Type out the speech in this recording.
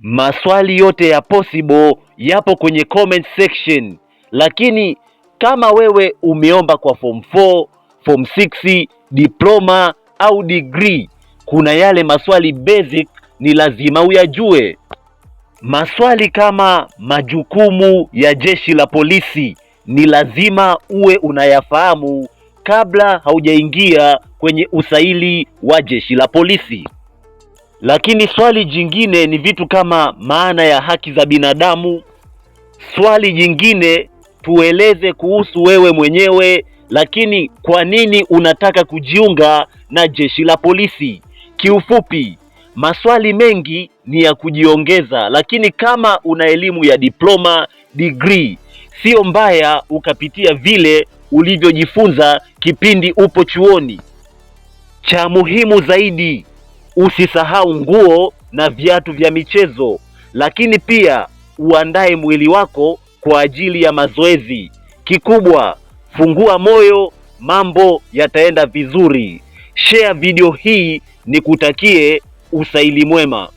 Maswali yote ya possible yapo kwenye comment section, lakini kama wewe umeomba kwa form 4, form 6, diploma au degree, kuna yale maswali basic ni lazima uyajue. Maswali kama majukumu ya jeshi la polisi ni lazima uwe unayafahamu kabla haujaingia kwenye usaili wa jeshi la polisi. Lakini swali jingine ni vitu kama maana ya haki za binadamu. Swali jingine tueleze kuhusu wewe mwenyewe, lakini kwa nini unataka kujiunga na jeshi la polisi? Kiufupi, maswali mengi ni ya kujiongeza, lakini kama una elimu ya diploma, degree, sio mbaya ukapitia vile ulivyojifunza kipindi upo chuoni. Cha muhimu zaidi Usisahau nguo na viatu vya michezo, lakini pia uandae mwili wako kwa ajili ya mazoezi. Kikubwa, fungua moyo, mambo yataenda vizuri. Share video hii, nikutakie usaili mwema.